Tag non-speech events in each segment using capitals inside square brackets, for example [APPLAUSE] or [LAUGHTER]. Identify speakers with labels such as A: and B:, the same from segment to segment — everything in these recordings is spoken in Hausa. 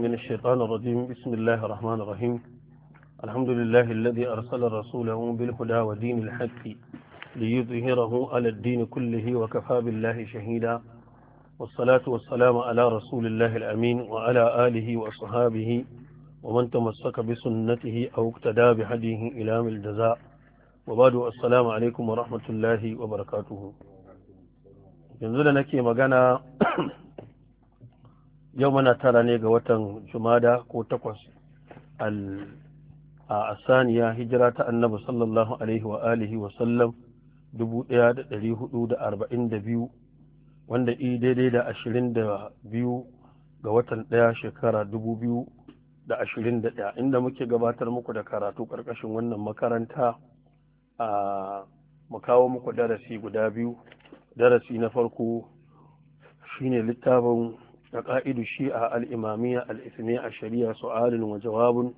A: من الشيطان الرجيم بسم الله الرحمن الرحيم الحمد لله الذي أرسل رسوله بالهدى ودين الحق ليظهره على الدين كله وكفى بالله شهيدا والصلاة والسلام على رسول الله الأمين وعلى آله وصحابه ومن تمسك بسنته أو اقتدى بهديه إلى الجزاء وبعد السلام عليكم ورحمة الله وبركاته ينزل نكي مغانا yau muna tara ne ga watan jumada ko takwas a asaniya hijira ta annabi sallallahu alaihi wa alihi wa sallam 1442 wanda i daidai da 22 ga watan daya shekara 2021 inda muke gabatar muku da karatu karkashin wannan makaranta a makawo muku darasi guda biyu darasi na farko shine littafin da ƙa'idu shi a al’imamiyya al’ismi a shari'a su'alin wa jawabun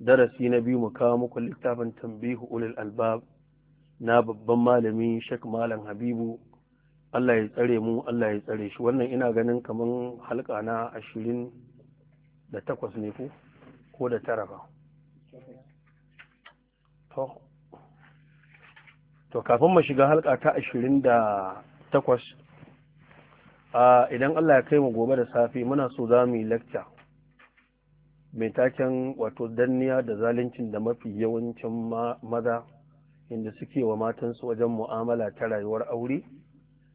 A: darasi na biyu mu kawo muku littafin tambihu ulil albab na babban malami shek malam habibu allah ya tsare mu allah ya tsare shi wannan ina ganin kamar halka na ashirin da takwas ne ko ko da tara ba to kafin mu shiga halka ta ashirin da takwas idan Allah ya kai mu gobe da safe muna so za mu yi lakca mai taken wato danniya da zaluncin da mafi yawancin maza inda suke wa matansu wajen mu'amala ta rayuwar aure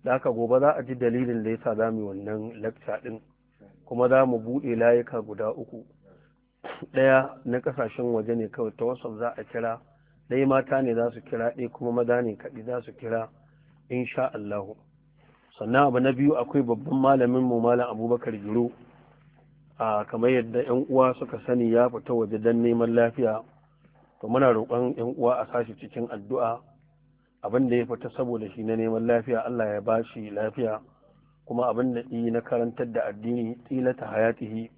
A: da aka gobe za a ji dalilin da yasa za mu yi wannan lakca din kuma za mu buɗe layuka guda uku ɗaya na ƙasashen waje ne kawai ta wasu za a kira ɗaya mata ne za su kira ɗaya kuma maza ne kaɗi za su kira insha Allahu sannan abu na biyu akwai babban malamin mu malam abubakar giro a kamar yadda yan uwa suka sani ya fita waje don neman lafiya to muna roƙon yan uwa a sashi cikin addu'a abin da ya fita saboda shi na neman lafiya Allah ya ba shi lafiya kuma abin da ɗi na karantar da addini tilata hayatihi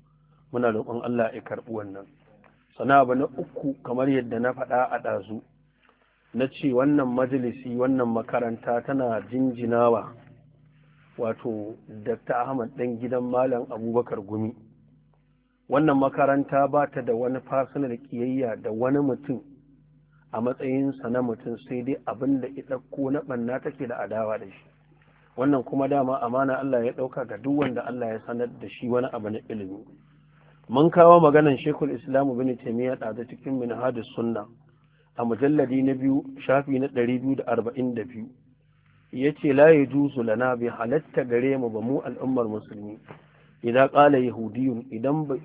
A: muna roƙon Allah ya karɓi wannan Sannan abu na uku kamar yadda na faɗa a ɗazu na ce wannan majalisi wannan makaranta tana jinjinawa wato Dr. Ahmad ɗan gidan Malam Abubakar Gumi. Wannan makaranta ba ta da wani fasinar ƙiyayya da wani mutum a matsayinsa na mutum sai dai abin da ya ɗauko na ɓanna take da adawa da shi. Wannan kuma dama amana Allah ya ɗauka ga duk wanda Allah ya sanar da shi wani abu na ilimi. Mun kawo maganan Shekul Islamu bin Taimiyya ɗazu cikin Minhajus Sunna a mujalladi na biyu shafi na ɗari biyu da arba'in da biyu. ya ce la ya juzu lana bai halatta gare mu ba mu al'ummar musulmi idan ƙala yahudiyun idan ba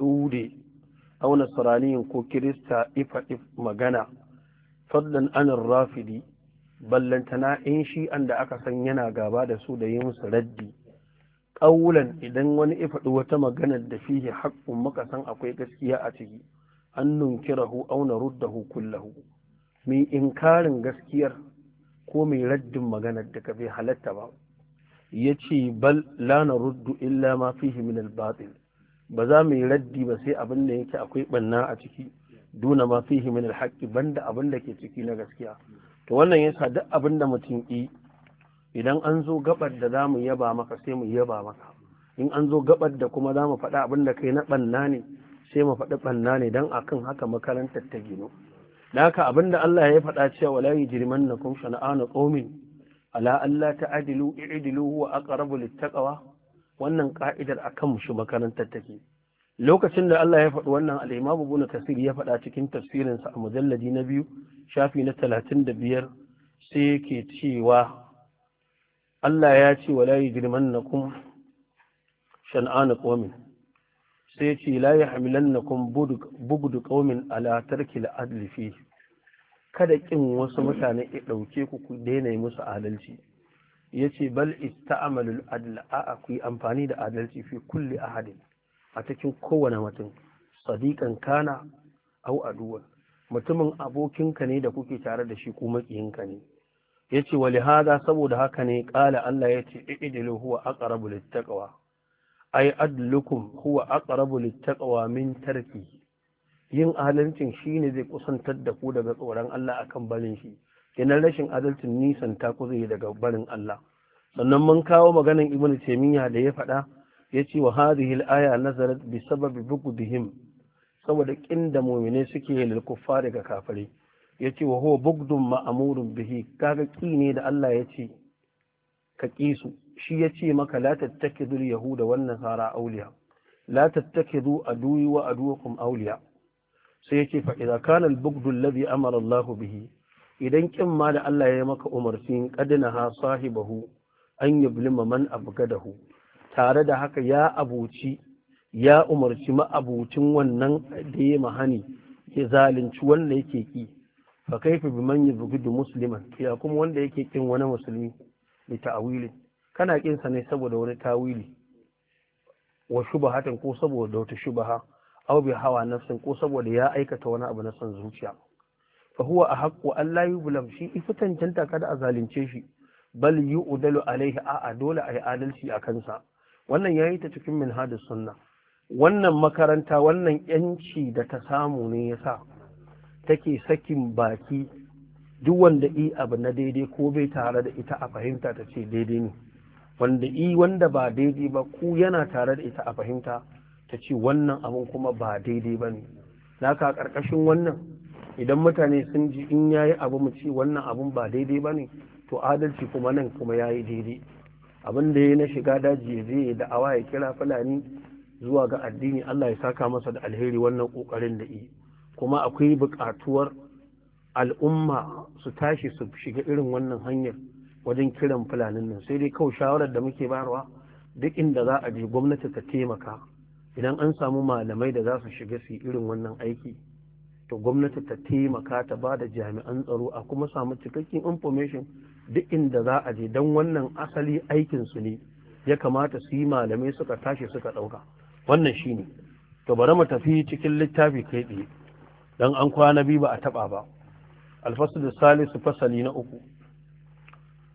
A: A wani nasraniyin ko kirista ifa if magana fadlan anin rafidi ballantana in shi an da aka san yana gaba da su da yi musu raddi ƙaulan idan wani ifaɗi wata magana da fihi haƙƙun makasan akwai gaskiya a ciki an nunkirahu aw ruddahu kullahu mi inkarin gaskiyar ko mai raddin maganar ka bai halatta ba ya ce bal la na ruddu illa ma fihi min al-batil ba za mu yi raddi ba sai abin da yake akwai banna a ciki duna ma fihi min al-haqqi banda abin da ke ciki na gaskiya to wannan yasa duk abin da mutum yi idan an zo gabar da za mu yaba maka sai mu yaba maka in an zo gabar da kuma za mu faɗa abin da kai na banna ne sai mu faɗi banna ne don akan haka makarantar ta gino da abin da Allah ya faɗa cewa wala yajrimannakum shana'anu qaumin ala alla ta'dilu wa huwa aqrabu littaqwa wannan ka'idar akan shi makarantar take lokacin da Allah ya faɗi wannan al Buna Ibn ya faɗa cikin tafsirinsa a mujalladi na biyu shafi na biyar, sai ke cewa Allah ya ce wala yajrimannakum shan'anu qaumin sai ce la ya hamilan na bugdu ƙaumin ala tarki la'adlifi kada kin wasu mutane ya ɗauke ku ku daina yi musu adalci ya ce bal ista'amalul adla a ku yi amfani da adalci fi kulli ahadin a cikin kowane mutum sadiqan kana au aduwa mutumin abokinka ne da kuke tare da shi ko ka ne yace ce wa lihada saboda haka ne ƙala Allah yace ce huwa aqrabu lit-taqwa ay adlukum huwa aqrabu lit-taqwa min tarki yin adalcin shi ne zai kusantar da ku daga tsoron Allah akan barin shi kenan rashin adalcin nisan ta ku zai daga barin Allah sannan mun kawo maganan ibn taimiyya da ya faɗa ya ce wa hadhihi al-aya nazarat bi sababi bughdihim saboda kinda da mu'mine suke lil kuffari ga kafare ya ce wa huwa bughdun ma'murun bihi kaga ki ne da Allah ya ce ka ƙi su shi ya ce maka la tattakidul yahuda wan nasara awliya la tattakidu aduwi wa aduwakum awliya sai yace fa idza kana al-bughdu alladhi amara Allahu bihi idan kin ma da Allah ya maka umarci kadina ha sahibahu an yublima man abgadahu tare da haka ya abuci ya umarci ma'abucin wannan da ya mahani ya zalunci wanda yake ki fa kaifa biman yubghidu musliman ya kuma wanda yake kin wani musulmi bi ta'wili kana kin sa ne saboda wani tawili wa shubahatan ko saboda wata shubaha aw bi hawa nafsin ko saboda ya aikata wani abu na son zuciya fa huwa ahqqu an la yublam shi ifitan tanta kada a zalunce shi bal yu'dalu alaihi a dole ai adalci a kansa wannan yayi ta cikin hadis sunna wannan makaranta wannan yanci da ta samu ne yasa take sakin baki duk wanda i abu na daidai ko bai tare da ita a fahimta ta ce daidai ne wanda i wanda ba daidai ba ku yana tare da ita a fahimta ta ce wannan abin kuma ba daidai ba ne ka ƙarƙashin wannan idan mutane sun ji in ya yi abu mu ce wannan abin ba daidai ba ne to adalci kuma nan kuma ya yi daidai abin da ya yi na shiga daji ya je da awa ya kira fulani zuwa ga addini Allah ya saka masa da alheri wannan kokarin da yi kuma akwai buƙatuwar al'umma su tashi su shiga irin wannan hanyar wajen kiran fulanin nan sai dai kawai shawarar da muke bayarwa duk inda za a je gwamnati ta taimaka idan an samu malamai da za su shiga su irin wannan aiki to gwamnati ta taimaka ta ba da jami'an tsaro a kuma samu cikakken information duk inda za a je don wannan asali aikin su ne ya kamata su yi malamai suka tashi suka ɗauka wannan shi ne. to bari mu tafi cikin littafi kai tsaye don an kwana biyu ba a taɓa ba alfasu da salisu fasali na uku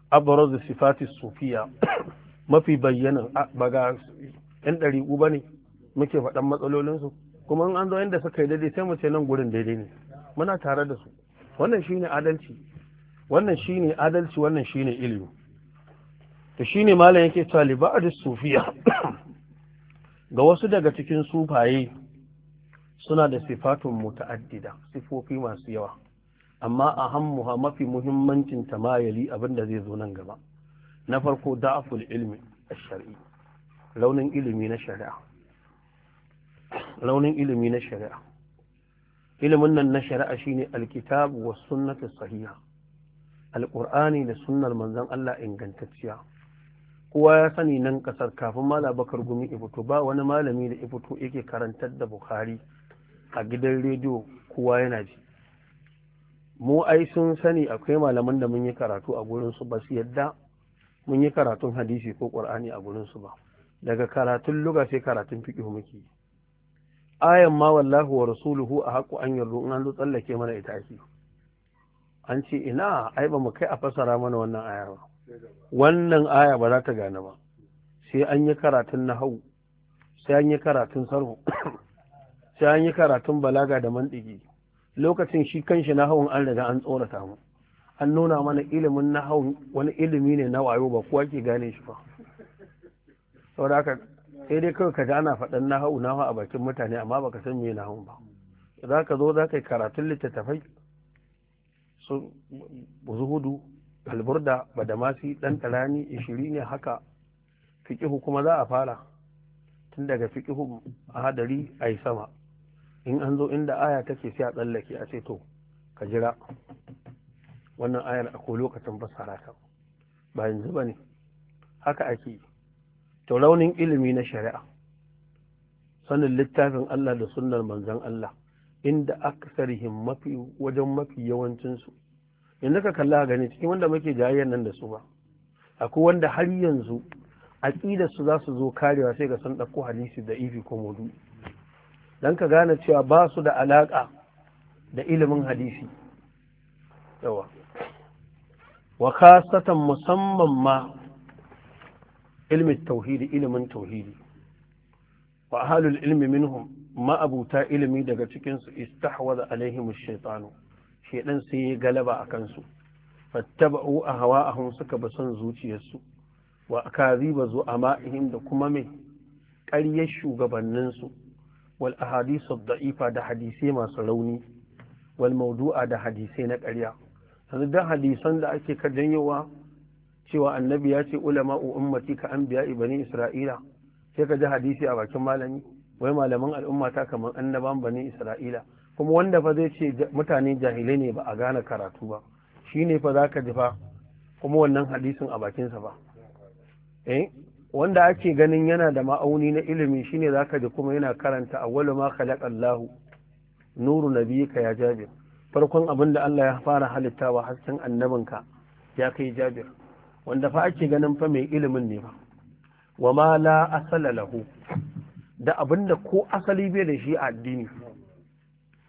A: abarar da sifati sufiya [COUGHS] mafi bayyana ba ga yan ɗari'u ba ne muke faɗan matsalolinsu kuma in an zo inda suka yi daidai sai mu ce nan gurin daidai ne muna tare da su wannan shine adalci wannan shine adalci wannan shine ilimi to shine malam yake cewa a ba'd sufiya [COUGHS] ga wasu daga cikin sufaye suna da sifatun muta'addida sifofi masu yawa amma a ahammuha mafi muhimmancin tamayali abinda zai zo nan gaba na farko da'aful ilmi ash-shar'i launin ilimi na shari'a raunin ilimi na shari'a ilimin nan na shari'a shine alkitab wa sunnati sahiha alqur'ani da sunnar manzon Allah ingantacciya kowa ya sani nan kasar kafin mala bakar gumi ibuto ba wani malami da ibuto yake karantar da bukhari a gidan rediyo kowa yana ji mu ai sun sani akwai malaman da mun yi karatu a gurin su ba su yadda mun yi karatun hadisi ko qur'ani a gurin su ba daga karatun luga sai karatun fiqh muke yi ayan ma wallahu wa rasuluhu a haƙu an yarda in an tsallake mana ita shi an ce ina ai ba mu kai a fasara mana wannan aya ba wannan aya ba za ta gane ba sai an yi karatun nahau sai an yi karatun sarhu [COUGHS] sai an yi karatun balaga da mandigi lokacin shi kanshi nahawun an riga an tsorata mu an nuna mana ilimin nahawun wani ilimi ne na wayo ba kowa ke gane shi ba saboda haka sai dai kawai ka ji ana faɗan na hau nawa a bakin mutane amma baka san me na hau ba za ka zo za ka yi karatun littattafai su hudu alburda badamasi ɗan tarani ishiri ne haka fikihu kuma za a fara tun daga fikihu a hadari a yi sama in an zo inda aya take sai a tsallake a ce to ka jira wannan ayar a ko lokacin fassara ta ba yanzu ba ne haka ake yi to raunin ilimi na shari'a sanin littafin Allah da sunnar manzan Allah inda aksarihim mafi wajen mafi yawancinsu yanzu ka kalla gani cikin wanda muke jayayyar nan da su ba akwai wanda har yanzu aƙidar su za su zo karewa sai ga san ɗauko hadisi da ifi ko mudu dan ka gane cewa ba su da alaƙa da ilimin hadisi yawa wa khasatan musamman ma ilmin tauhidi ilimin tauhidi wa ahalul ilmi minhum ma'abuta ilimi daga cikinsu istahwaza alaihim shaitanu shaidan sai ya galaba a kansu fattaba'u a hawa'ahum suka bi son zuciyarsu wa akaziba zu'ama'ihim da kuma mai ƙaryar shugabanninsu wal ahadisu da'ifa da hadisai masu rauni wal maudu'a da hadisai na karya. yanzu dan hadisan da ake ka janyowa cewa annabi ya ce ulama ummati ka an biya bani isra'ila sai ka ji hadisi a bakin malami wai malaman al'umma ta kamar annaban bani isra'ila kuma wanda fa zai ce mutane jahilai ne ba a gane karatu ba shi ne fa za ka ji fa kuma wannan hadisin a bakinsa ba eh wanda ake ganin yana da ma'auni na ilimi shi ne za ka ji kuma yana karanta awwalu ma khalaqa Allahu nuru ka ya jabir farkon abin da Allah ya fara halitta halittawa hasken annabinka ya kai jabir wanda fa ake ganin fa mai ilimin ne ba wa ma la asala lahu da abinda ko asali bai da shi a addini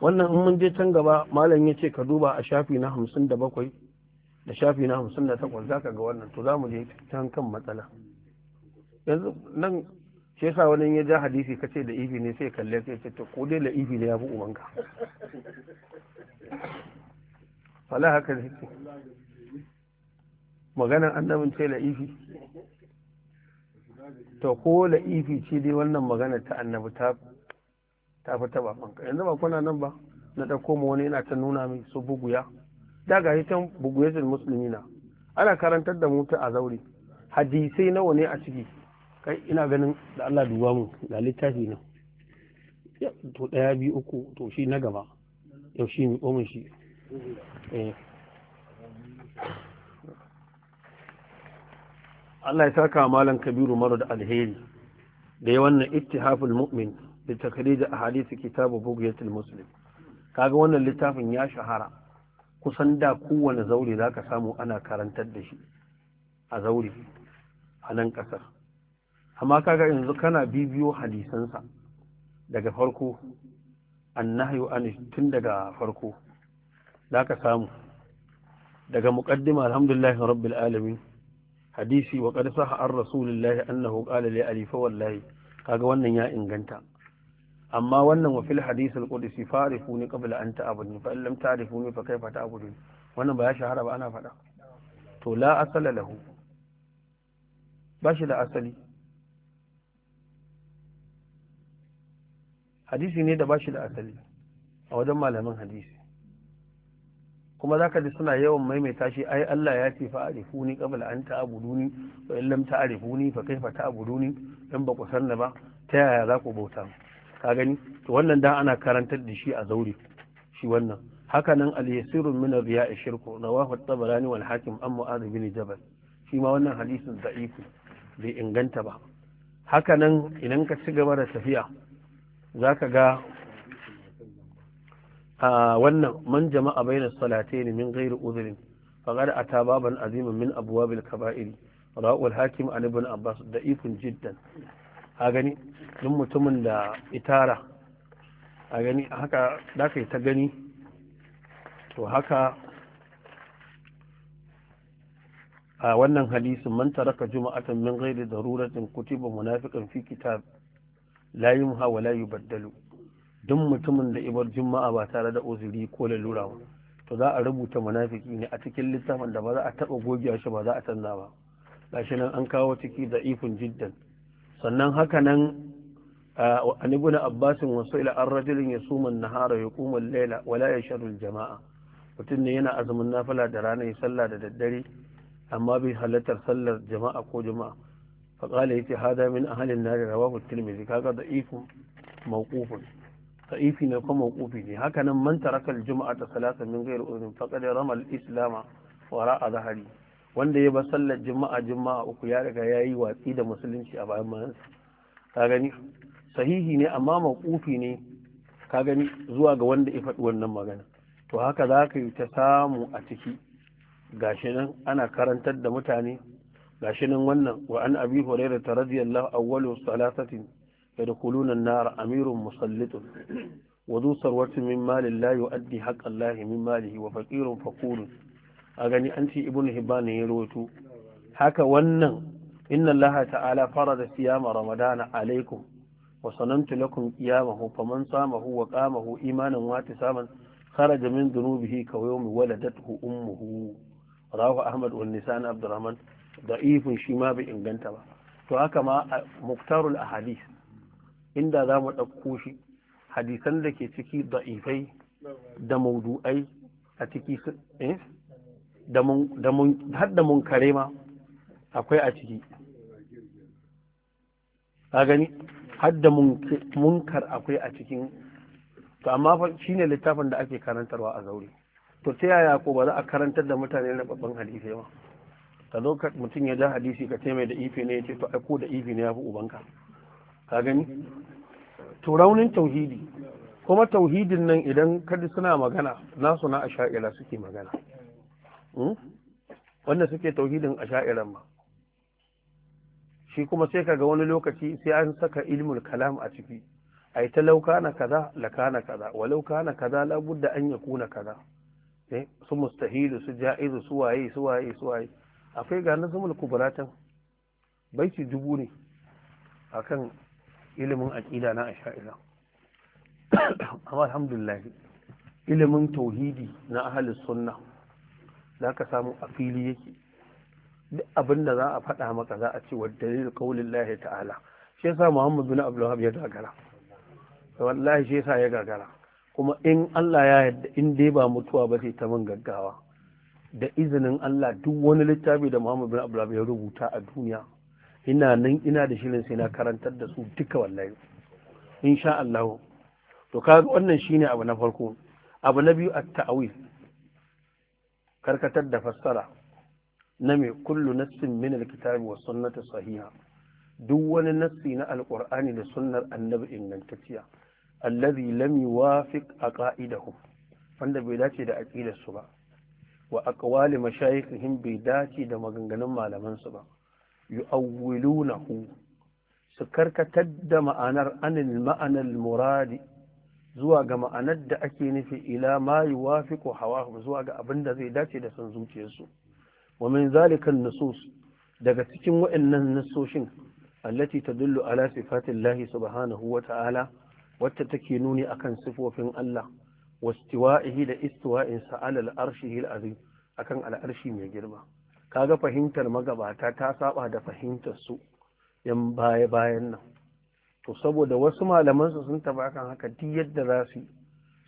A: wannan in mun je can gaba malam ya ce ka duba a shafi na hamsin da shafi na hamsin da ga wannan to zamu je can kan matsala yanzu nan ke sa wani ya ja hadisi kace da ibi ne sai kalle sai ce to ko dai la ibi ne ya fi ubanka wala haka ne maganar annabin ce la'ifi to ko la'ifi ce dai wannan magana ta annabi ta ta fi taba fanka yanzu ba kuna nan ba na ɗauko mu wani yana ta nuna min su buguya da ga hitan buguyatul na, ana karantar da mutu a zauri hadisai nawa ne a ciki kai ina ganin da Allah duba mu da littafi nan to ɗaya biyu uku to shi na gaba yau shi mi shi eh Allah ya saka malam kabiru mara da alheri da ya wannan ittihaful mu'min da takari da ahadisi kitabu bugiyatul muslim kaga wannan littafin ya shahara kusan da kowane za zaka samu ana karantar da shi a zauri a nan kasar amma kaga yanzu kana bibiyo hadisansa daga farko annahyu an tun daga farko zaka samu daga muqaddima alhamdulillahi rabbil alamin hadisi wa qad saha ar rasulillahi annahu qala li ali fa wallahi kaga wannan ya inganta amma wannan wa fil hadisi al qudsi farifuni qabla an ta'buduni fa in lam ta'rifuni fa kaifa ta'buduni wannan ba ya shahara ba ana faɗa to la asala lahu ba shi da asali hadisi ne da ba shi da asali a wajen malamin hadisi kuma zaka ji suna yawan maimaita shi ai Allah ya ce fa arifuni qabla an ta'buduni wa in lam ta'rifuni fa kaifa ta'buduni in ba ku sanna ba ta yaya za ku bauta ka gani to wannan da ana karantar da shi a zaure shi wannan haka nan al-yasiru min riya'i shirku rawahu at-tabarani wal hakim an mu'adh bin jabal shi ma wannan hadisin da'ifi bai inganta ba haka nan idan ka ci gaba da tafiya zaka ga wannan man jama'a bayna salatayn min ghairi udhrin faqad ata baban azimin min abwabil kaba'ir ra'ul hakim an ibn abbas da'ifun jiddan a gani duk mutumin da itara a gani haka da kai ta gani to haka a wannan hadisin man taraka juma'atan min ghairi daruratin kutiba munafiqan fi kitab la yumha wa la yubaddalu duk mutumin da ibar juma'a ba tare da uzuri ko lalura ba to za a rubuta munafiki ne a cikin littafin da ba za a taba gogewa shi ba za a canza ba gashi nan an kawo ciki da ifin jiddan sannan haka nan an ibn abbas wa sa'ila an rajulin yasuma an-nahara yaqumu al Laila, wala ya yashru jamaa mutum ne yana azumin nafila da ranar ya sallah da daddare amma bai halartar sallar jama'a ko jama'a fa qala yace hada min ahli an-nar rawahu at kaga da ifin mawqufun sa'ifi ne kuma kofi ne hakanan man tarakal juma'a ta salasa min gairu uzun faqad ramal islama wara a zahari wanda ya ba sallar juma'a juma'a uku ya riga yayi watsi da musulunci a bayan mayan ka gani sahihi ne amma maqufi ne ka gani zuwa ga wanda ya faɗi wannan magana to haka za ka yi ta samu a ciki gashi nan ana karantar da mutane gashi nan wannan wa an abi hurairah radiyallahu awwalu salasatin يدخلون النار أمير مسلط وذو ثروة من مال لا يؤدي حق الله من ماله وفقير فقول أغني أنت ابن هبان يروتو هكا ونن إن الله تعالى فرض صيام رمضان عليكم وصنمت لكم قيامه فمن صامه وقامه إيمانا واحتسابا خرج من ذنوبه كيوم ولدته أمه رواه أحمد والنسان عبد الرحمن ضعيف شما بإنجنتبه فهكما مختار الأحاديث inda za mu ɗauko shi hadisan da ke ciki da'ifai da maudu'ai a ciki eh, har da munkare ma akwai a ciki ka gani har da munkar akwai a cikin to amma shi ne littafin da ake karantarwa a zaure to ta yaya ko ba za a karantar da mutane na babban hadisai ma ka zo mutum ya ja hadisi ka ce mai da ife ne ya ce to aiko da ife ne ya fi ubanka ka gani to raunin tauhidi kuma tauhidin nan idan kadi suna magana nasu na asha'ira suke magana hmm? wanda suke tauhidin asha'iran ma shi kuma sai kaga wani lokaci sai an saka ilmul kalam a ciki ai ta na kaza na kaza walauka na kaza labudda an yakuna kaza eh su mustahilu su ja'izu su waye su waye su waye akwai ga nazumul kubratan baiti dubu ne akan ilimin aƙida na asha'ira [COUGHS] amma alhamdulillah ilimin tauhidi na ahalus sunna za ka samu a fili yake duk abin da za a faɗa maka za a ce wa dalil kaulin lahi ta'ala shi yasa muhammad bin abdullahab ya gagara wallahi shi yasa ya gagara kuma in allah ya yarda in dai ba mutuwa ba sai ta man gaggawa da izinin allah duk wani littafi da muhammad bin abdullahab ya rubuta a duniya ina nan ina da shirin sai na karantar da su duka wallahi insha Allah to kaga wannan shine abu na farko abu na biyu at-ta'wil karkatar da fassara na mai kullu nassin min al-kitabi sunnati sahiha duk wani nassi na alqur'ani da sunnar annabi ingantacciya allazi lam yuwafiq aqaidahum wanda bai dace da aqidar su ba wa aqwali mashayikhihim bai dace da maganganun malaman su ba yu'awwilunahu su karkatar da ma'anar anil ma'anar muradi zuwa ga ma'anar da ake nufi ila ma yuwafiqu hawahum zuwa ga abin da zai dace da san zuciyarsu wa min zalikan nusus daga cikin wa'annan nasoshin allati tadullu ala sifatillahi subhanahu wa ta'ala wacce take nuni akan sifofin Allah wastiwa'ihi da istiwa'insa alal arshihi al'azim akan al'arshi mai girma kaga fahimtar magabata ta saba da fahimtar su yan baya bayan nan to saboda wasu malaman su sun taba kan haka duk yadda za su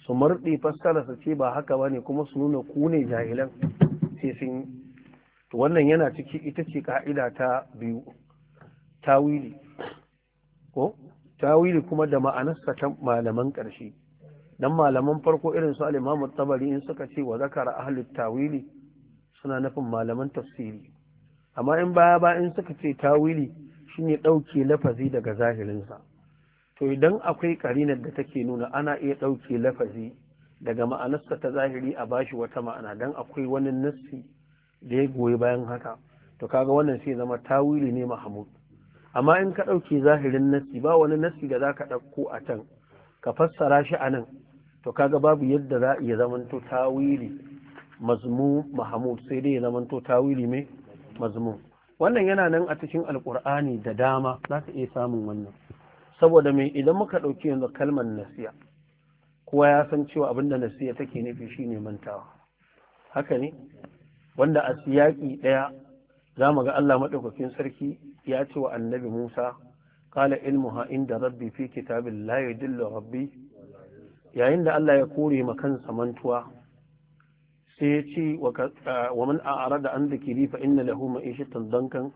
A: su murɗe fassara su ce ba haka bane kuma su nuna ku ne jahilan sai sun to wannan yana ciki ita ce ka'ida ta biyu tawili ko tawili kuma da ma'anarsa ta malaman ƙarshe dan malaman farko irin su al-Imam tabari in suka ce wa zakara ahli tawili suna nufin malaman tafsiri amma in baya ba in suka ce tawili shine ɗauke lafazi daga zahirinsa to idan akwai karinar da take nuna ana iya ɗauke lafazi daga ma'anarsa ta zahiri a bashi wata ma'ana dan akwai wani nassi da ya goyi bayan haka to kaga wannan sai zama tawili ne mahmud amma in ka ɗauke zahirin nassi ba wani nassi da za ka ɗauko a can ka fassara shi a nan to kaga babu yadda za a iya zamanto tawili mazmu mahmud sai dai ya zamanto tawili mai mazmu wannan yana nan a cikin alkur'ani da dama za ka iya samun wannan saboda mai idan muka ɗauki yanzu kalmar nasiya kowa ya san cewa abinda nasiya take nufi shine mantawa haka ne wanda a siyaki ɗaya za mu ga Allah maɗaukakin sarki ya ce wa annabi Musa qala ilmuha inda rabbi fi kitabin la rabbi yayin da Allah ya kore ma kansa mantuwa sai ya ce wa uh, man a'ara da an zikiri fa inna lahu ma'ishatan dankan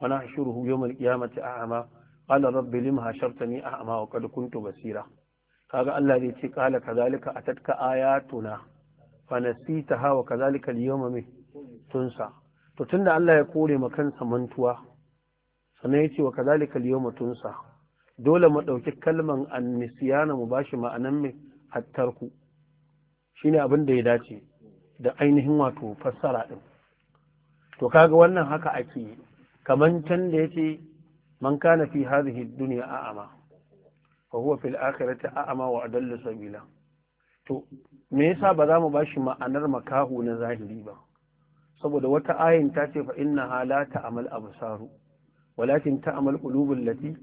A: wa nahshuruhu yawmal qiyamati a'ma qala rabbi lima a a'ma wa qad kuntu basira kaga Allah zai ce qala kadhalika atatka ayatuna fa nasitaha wa kadhalika al-yawma min tunsa to tunda Allah ya kore ma kansa mantuwa sannan ya ce wa kadhalika al-yawma tunsa dole mu ɗauki kalman an-nisyana mu bashi ma'anan mai hattarku shine abin da ya dace da ainihin wato fassara ɗin to kaga wannan haka ake yi kaman can da yace man kana fi hadhihi dunya a'ama fa huwa fil akhirati a'ama wa adalla sabila to me yasa ba za mu bashi ma'anar makahu na zahiri ba saboda wata ayin ta ce fa innaha la ta'mal absaru walakin ta'mal qulubul lati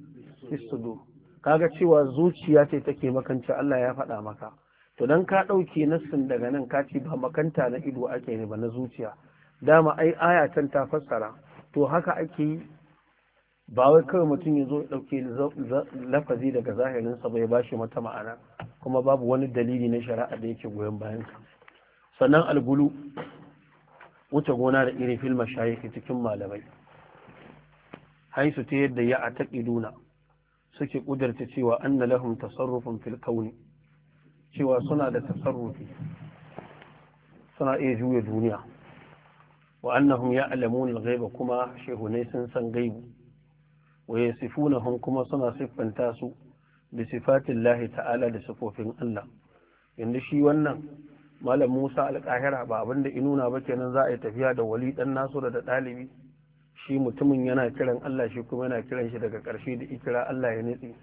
A: fi sudur kaga cewa zuciya ce take makanci Allah ya faɗa maka to dan ka ɗauke nassin daga nan ka ce ba makanta na ido ake ne ba na zuciya dama ai aya can ta fassara to haka ake yi ba wai kawai mutum ya zo dauke lafazi daga zahirinsa ba ya ba shi mata ma'ana kuma babu wani dalili na shari'a da yake goyon bayan ka. sannan algulu wuce gona da irin filma shayiki cikin malamai haisu ta yadda ya a taƙiduna suke ƙudurta cewa an na lahun tasarrufin filkauni. cewa suna da tasarrufi suna iya juya duniya wa annahum ya'lamun al-ghaiba kuma shehunai sun san gaibu wa yasifunahum kuma suna siffanta su bi sifatillahi ta'ala da sifofin Allah yanzu shi wannan malam Musa al-Qahira ba abinda in nuna ba kenan za a yi tafiya da wali dan nasu da dalibi shi mutumin yana kiran Allah shi kuma yana kiran shi daga ƙarshe da ikira Allah ya nitsi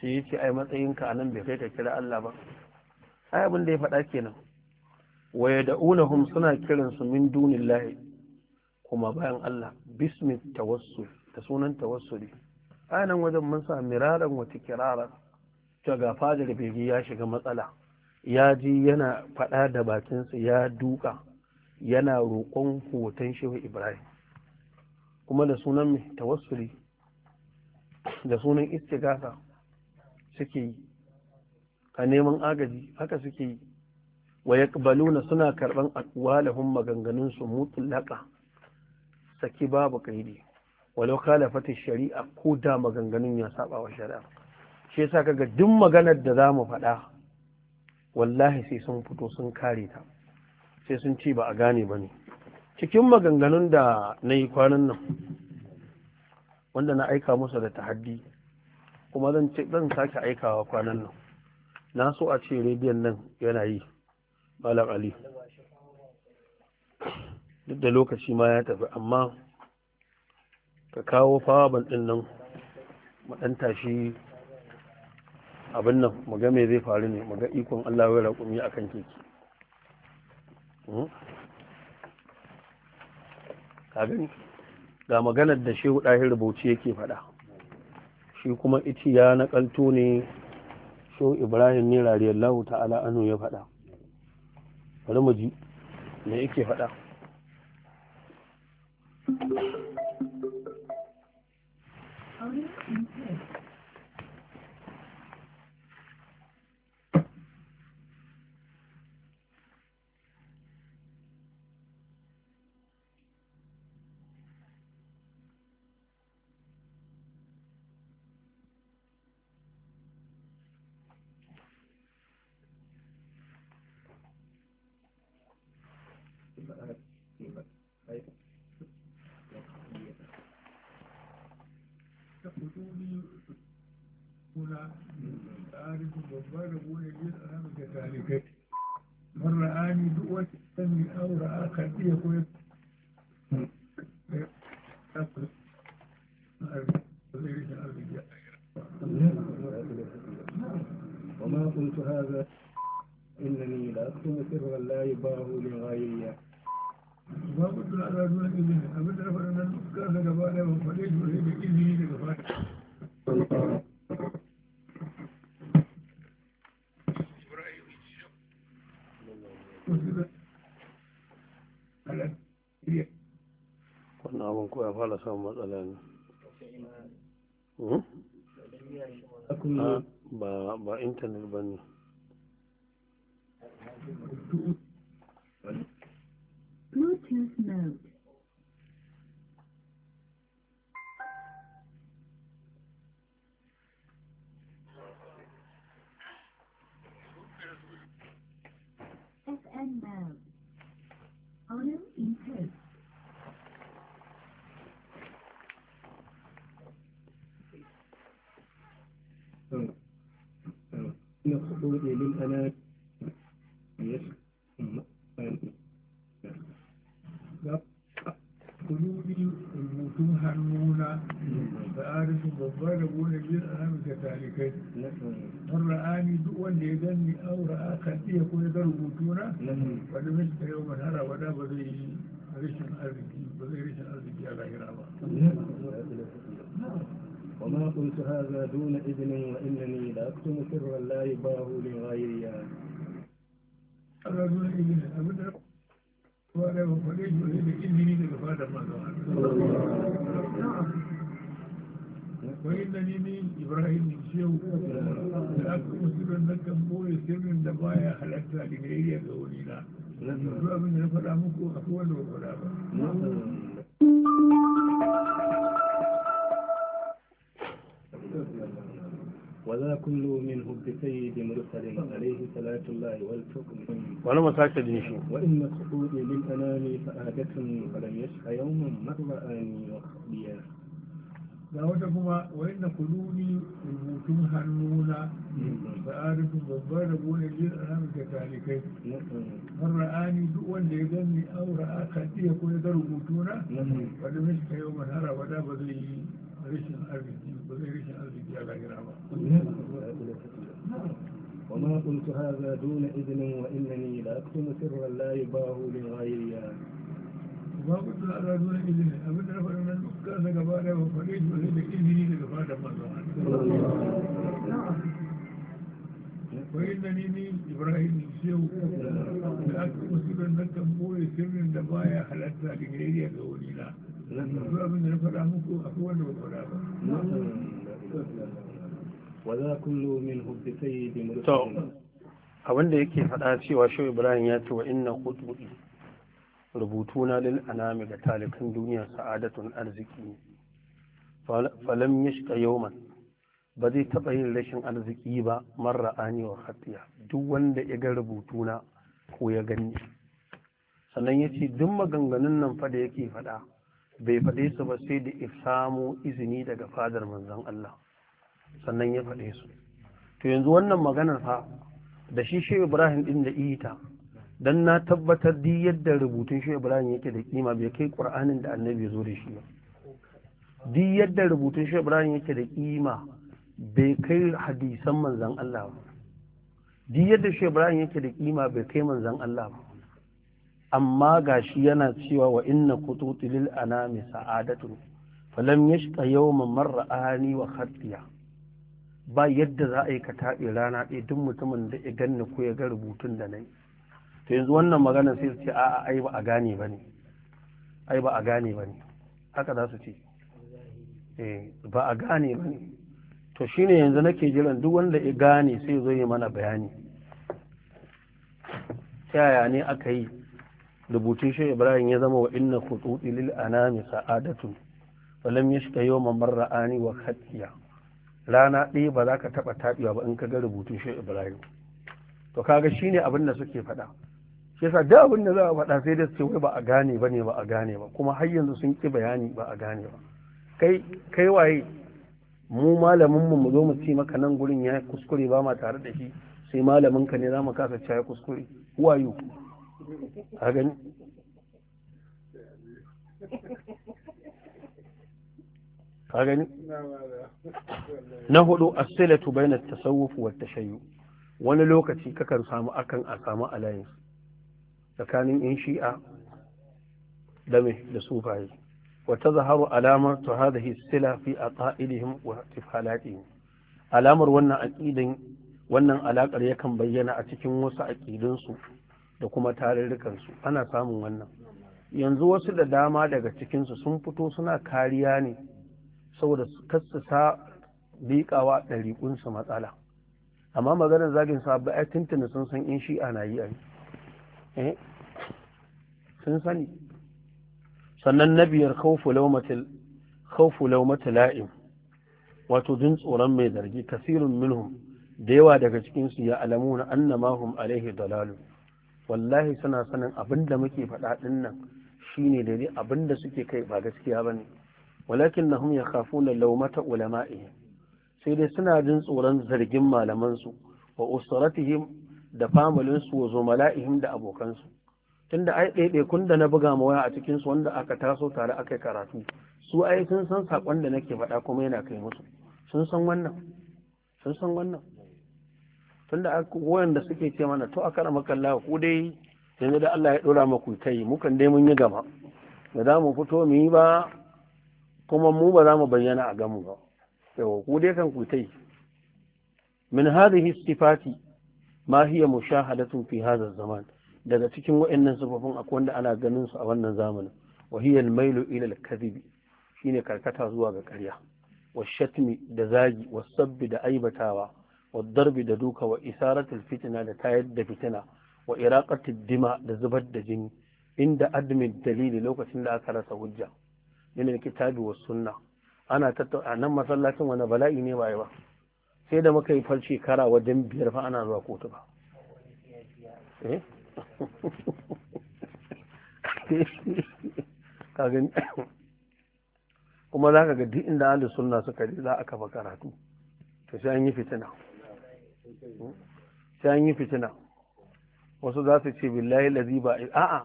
A: sai yace ai matsayinka anan bai kai ka kira Allah ba ai abin da ya faɗa kenan da yad'unahum suna kiran su min dunillahi kuma bayan Allah bismi tawassul da sunan tawassuli anan wajen mun sa miraran wa kirarar ta ga fadar bege ya shiga matsala ya ji yana faɗa da bakinsa ya duka yana roƙon hoton shehu ibrahim kuma da sunan mai tawassuli da sunan istigasa suke yi ka neman agaji haka suke yi wa yaqbaluna suna karban aqwalahum maganganun su mutlaqa saki babu kaidi walau fata shari'a ko da maganganun ya saba wa shari'a shi yasa kaga duk maganar da zamu faɗa wallahi sai sun fito sun kare ta sai sun ce ba a gane ba ne cikin maganganun da na yi kwanan nan wanda na aika musu da tahaddi kuma zan sake aikawa kwanan nan na so a ce rediyon nan yana yi malam ali duk da lokaci ma ya tafi amma ka kawo fawaban ɗin nan maɗanta shi abin nan maga me zai faru ne maga ikon Allah ya raƙumi a kan keke hmm? ga maganar da shehu ɗahir rubuci yake faɗa shi kuma iti ya naƙalto ne sho ibrahim ne radiyallahu ta'ala anu ya faɗa bari mu ji me yake faɗa
B: عليكم بكم وضربوا للأنام كذلك مرة آني دؤوة السمي أو رأى خلقي يقول وما قلت هذا إنني لا لأكتم سرا لا يباه لغيري ما قلت هذا أبدا فلنا نذكر لك بالي وفليس وليس إذني لك honor in hate.
A: الخروج للأنات
B: قلوبي الموتوها المولى فأعرف الضباربون للأنام كذلك من رآني دؤا ليدني أو رآ خلقي يكون يدربوتونا فلم يستر يوما هذا
A: وما قلت هذا دون إذن وإنني لأكتم سرا لا يباه لغيري
B: هذا دون إذن أبدا وأنا مفرج وإذن إذني لغفادة ما نعم وإنني من إبراهيم شيو لأكتم سرا لكم بوي سر لبايا حلقتا لغيري قولي لا ولا
A: كل منهم بسيد مرسل عليه صلاة الله والحكم وانا ما ساكت نشوف وإن السعود للأنام فآدة فلم يشفى يوما مرآني وخبيا ga wata kuma
B: wa inna kuluni rubutun hannuna da arifin babbar da gonar jin alamun da talikai har ra'ani duk wanda ya gani an ra'a kan iya ko ya ga rubutuna wadda mishi ta yau manhara wadda ba zai yi rashin arziki ba zai rashin arziki a lahira ba
A: وما قلت هذا دون إذن وإنني لأكتم سرا لا يباه لغيري
B: ma kudu a zazu na izini abin da na faɗin nan kasa gaba da ba faɗe shi ba sai da izini daga fatan manzon kwayin da ni ni ibrahim shehu da aka wasu don na kan boye sirrin da baya halatta ga gidariya ga wani na zuwa abin da na faɗa muku a kowane ba faɗa
A: ba وذا كل منه بسيد مرسل. طب. abin da yake faɗa cewa shehu ibrahim ya ce wa inna kutubi rubutuna lil anami ga talikan duniya sa'adatun arziki ne falam yashqa yawman ba zai taɓa yin rashin arziki ba marra aniwa wa duk wanda ya ga na, ko ya gani sannan ya ce duk maganganun nan fa da yake faɗa bai faɗe su ba sai da samu izini daga fadar manzon Allah sannan ya faɗe su to yanzu wannan maganar fa da shi shehu Ibrahim din da ita dan na tabbatar di yadda rubutun shi Ibrahim yake da kima bai kai Qur'anin da Annabi zo da shi ba di yadda rubutun shi Ibrahim yake da kima bai kai hadisan manzan Allah ba di yadda shi Ibrahim yake da kima bai kai manzan Allah ba amma gashi yana cewa wa inna kututi lil anami sa'adatu falam yashqa yawman marra ani wa khatiya ba yadda za a yi ka taɓe rana ɗaya duk mutumin da ya ganni ko ya ga rubutun da na yi to yanzu wannan magana sai su ce a'a ai ba a gane ba ne ai ba a gane ba ne haka za su ce eh ba a gane ba ne to shine yanzu nake jiran duk wanda ya gane sai zo yi mana bayani yaya ne aka yi rubutun shi ibrahim ya zama wa inna khututi lil anami sa'adatun lam yashka yawman marra'ani wa khatiya rana ɗaya ba za ka taɓa taɓewa ba in ka ga rubutun shi ibrahim to kaga shine abin da suke faɗa yasa da abin da za a faɗa sai da su wai ba a gane ba ne ba a gane ba kuma har yanzu sun ƙi bayani ba a gane ba kai kai waye mu malamin mu mu zo mu ci maka nan gurin ya kuskure ba ma tare da shi sai malamin ka ne za mu kasa ci ya kuskure wayo a gani a gani na hudu asilatu bayna tasawuf wa tashayyu wani lokaci kakan samu akan a samu alliance tsakanin yan shi'a da mai da sufaye wata zaharu alamar ta hada hissila fi a ƙa'idihim wa ne. alamar wannan wannan alaƙar yakan bayyana a cikin wasu aƙidunsu da kuma tarirrikansu ana samun wannan yanzu wasu da dama daga cikinsu sun fito suna kariya ne saboda kasu sa liƙawa ɗariƙunsu matsala amma maganar zagin sabbi ai tuntuni sun san in shi'a na yi a yi Eh? sun sani sannan na biyar khawfu laumata la'im wato jin tsoron mai zargi kasirun minhum da yawa daga cikinsu ya alamu na annama hum alaihi dalalu wallahi suna sanin abinda muke faɗa ɗin nan shine daidai abin abinda suke kai ba gaskiya ba ne walakin na hum ya kafu na laumata ulama'i sai dai suna jin tsoron zargin malamansu wa usaratihim da familinsu wa zomala'ihim da abokansu tunda ai ɗaiɗaikun da na buga ma waya a cikinsu wanda aka taso tare aka karatu su ai sun san saƙon da nake faɗa kuma yana kai musu sun san wannan sun san wannan tunda da suke ce mana to a kara makalla ku dai yanzu da Allah ya ɗora maku kai mukan dai mun yi gaba da za mu fito mu yi ba kuma mu ba za mu bayyana a gamu ba yawa ku dai kan ku tai min hadhihi sifati ma hiya mushahadatu fi hadha zaman daga cikin waɗannan sababun akwai wanda ana ganin su a wannan zamanin wa hiya al-mailu ila al-kadhib shine karkata zuwa ga ƙarya wa shatmi da zagi wa sabbi da aibatawa wa darbi da duka wa isaratul fitna da tayar da fitina wa iraqati dima da zubar da jini inda admin dalili lokacin da aka rasa hujja min kitabi wa sunna ana tattauna nan masallacin wani bala'i ne ba ba sai da muka yi farce kara wajen biyar fa ana zuwa kotu ba eh? [LAUGHS] kuma za ka ga duk inda ahli sunna suka je za a kafa karatu to sai an yi fitina sai yi fitina wasu za su ce billahi lazi ba a'a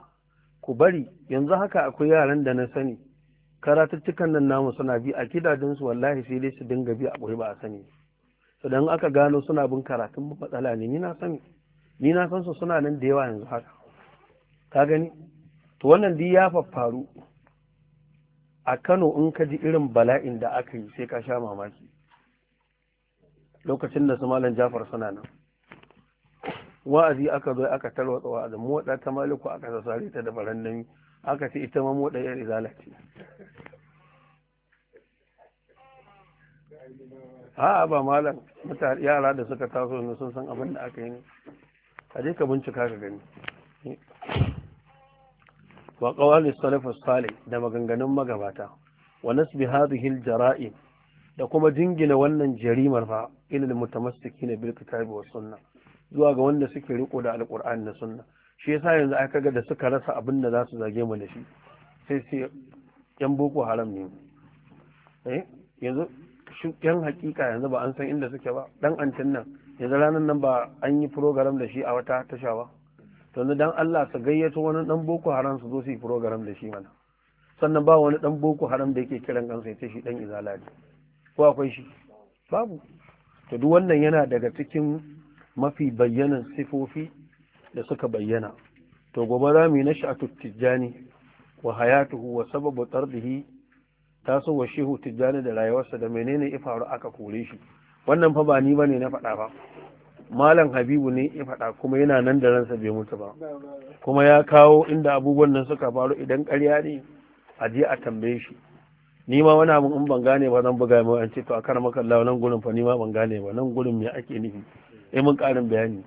A: ku bari yanzu haka akwai yaran da na sani karatuttukan nan namu suna bi a gidajensu wallahi sai dai su dinga bi a ba a sani sadan aka gano suna bin karatun matsala ne ni na san ni na san su suna nan da yawa yanzu haka ka gani to wannan duk ya faffaru a Kano in ka ji irin bala'in da aka yi sai ka sha mamaki lokacin da su malam Jafar suna nan wa'azi aka zo aka tarwatsa wa'azi mu ta maliku aka sasare ta da barannan aka ce ita ma mu da yar izala ce a'a ba malam mutane yara da suka taso ne sun san abin da aka yi ne a je ka bincika ka gani wa qawali salafus salih da maganganun magabata wa nasbi hadhihi al-jara'im da kuma jingina wannan jarimar fa al mutamassikina bil kitabi wa sunna zuwa ga wanda suke riko da al-qur'ani da sunna shi yasa yanzu aka ga da suka rasa abin da za su zage mu da shi sai sai yan boko haram ne eh yanzu yan hakika yanzu ba an san inda suke ba dan antin nan yanzu ranar nan ba an yi program da shi a wata tasha ba to yanzu dan Allah su gayyato wani dan boko haram su zo su yi program da shi mana sannan ba wani dan boko haram da yake kiran kansa ya shi dan izalali ko akwai shi babu to duk wannan yana daga cikin mafi bayyanan sifofi da suka bayyana to gobe za mu yi na sha'atu tijjani wa hayatuhu wa sababu tardihi wa shehu tijjani da rayuwarsa da menene ya faru aka kore shi wannan fa ba ni bane na faɗa ba malam habibu ne ya faɗa kuma yana nan da ransa bai mutu ba kuma ya kawo inda abubuwan nan suka faru idan ƙarya ne a je a tambaye shi ni ma wani abu in ban gane ba zan buga mai an ce to a kar maka nan gurin fa ni ma ban gane ba nan gurin me ake nufi eh mun ƙarin bayani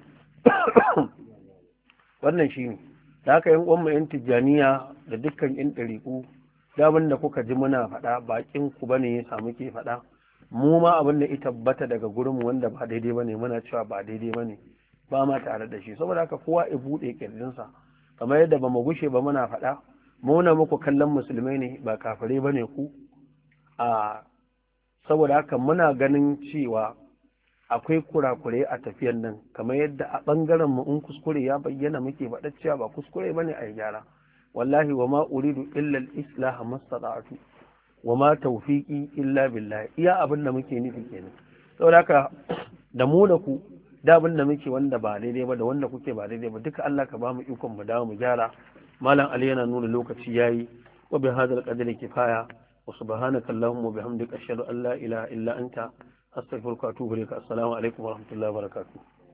A: wannan shine da haka yan uwan mu yan tijjaniya da dukkan yan ɗariƙu dabin da kuka ji muna faɗa bakin ku bane ya samu ke faɗa mu ma abin da ita bata daga gurin mu wanda ba daidai bane muna cewa ba daidai bane ba ma tare da shi saboda haka kowa ya bude kirjinsa kamar yadda ba mu gushe ba muna faɗa muna muku kallon musulmai ne ba kafirai bane ku a saboda haka muna ganin cewa akwai kurakure a tafiyar nan kamar yadda a bangaren mu in kuskure ya bayyana muke faɗa cewa ba kuskure bane a gyara wallahi wa ma uridu illa al-islah mastata'tu wa ma tawfiqi illa billah iya abin da muke nufi kenan saboda haka da mu da ku da abin da muke wanda ba daidai ba da wanda kuke ba daidai ba duka Allah ka ba mu ikon mu dawo mu gyara malam Ali yana nuna lokaci yayi wa bi hadal qadri kifaya wa subhanaka allahumma bihamdika ashhadu an la ilaha illa anta astaghfiruka wa atubu ilaik assalamu alaikum wa rahmatullahi wa barakatuh